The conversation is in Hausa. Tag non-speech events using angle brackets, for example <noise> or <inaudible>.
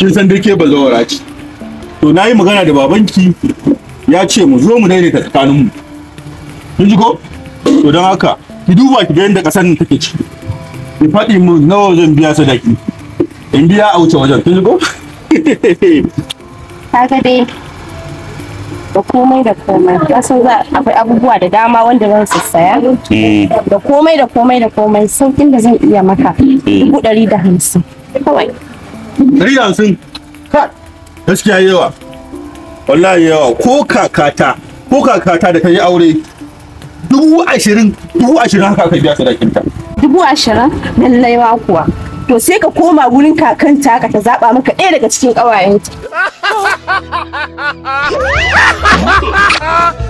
kin san dai ke bazawara ci to na yi magana da babanki ya ce mu zo mu daidaita tsakaninmu kin ji ko to don haka ki duba ki ga yadda ƙasar nan take ci. ki faɗi mu nawa zan biya sadaki in biya a wuce wajen kin ji ko <laughs> kaga dai da komai da komai kasan za akwai abubuwa da dama wanda zan sassaya mm. da komai da komai da komai sauƙin da zan iya maka mm. dubu ɗari da hamsin kawai Dari da hamsin. Gaskiya yawa. Wallahi yawa ko kakata ko kakata da ta yi aure dubu ashirin dubu ashirin haka aka biya sadakinta. Dubu ashirin lallai ma kuwa. to sai ka koma wurin kakanta ka ta zaɓa maka ɗaya daga cikin ƙawayenta. <laughs>